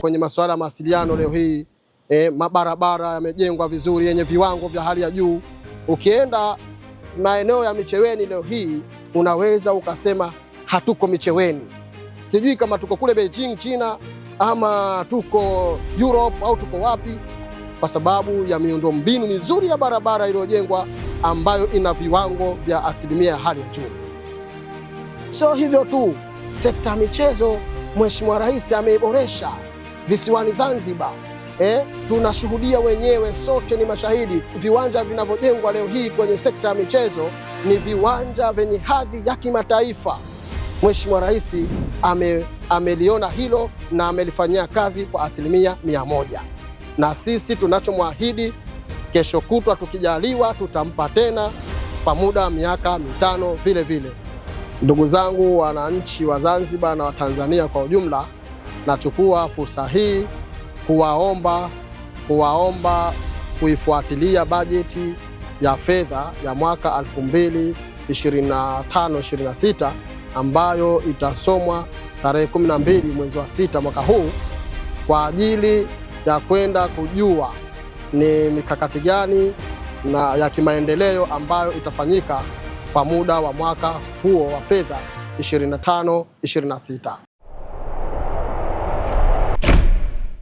Kwenye masuala ya mawasiliano leo hii e, mabarabara yamejengwa vizuri yenye viwango vya hali ya juu. Ukienda maeneo ya Micheweni leo hii unaweza ukasema hatuko Micheweni, sijui kama tuko kule Beijing China, ama tuko Europe au tuko wapi, kwa sababu ya miundombinu mizuri ya barabara iliyojengwa ambayo ina viwango vya asilimia ya hali ya juu. Sio hivyo tu, sekta ya michezo Mheshimiwa Rais ameiboresha visiwani Zanzibar. Eh, tunashuhudia wenyewe, sote ni mashahidi. Viwanja vinavyojengwa leo hii kwenye sekta ya michezo ni viwanja vyenye hadhi ya kimataifa. Mheshimiwa Rais ame, ameliona hilo na amelifanyia kazi kwa asilimia mia moja, na sisi tunachomwahidi kesho kutwa tukijaliwa, tutampa tena kwa muda wa miaka mitano vile vile. Ndugu zangu wananchi wa Zanzibar na Watanzania kwa ujumla Nachukua fursa hii kuwaomba kuwaomba kuifuatilia bajeti ya fedha ya mwaka 2025/26 ambayo itasomwa tarehe 12 mwezi wa sita mwaka huu kwa ajili ya kwenda kujua ni mikakati gani na ya kimaendeleo ambayo itafanyika kwa muda wa mwaka huo wa fedha 25/26.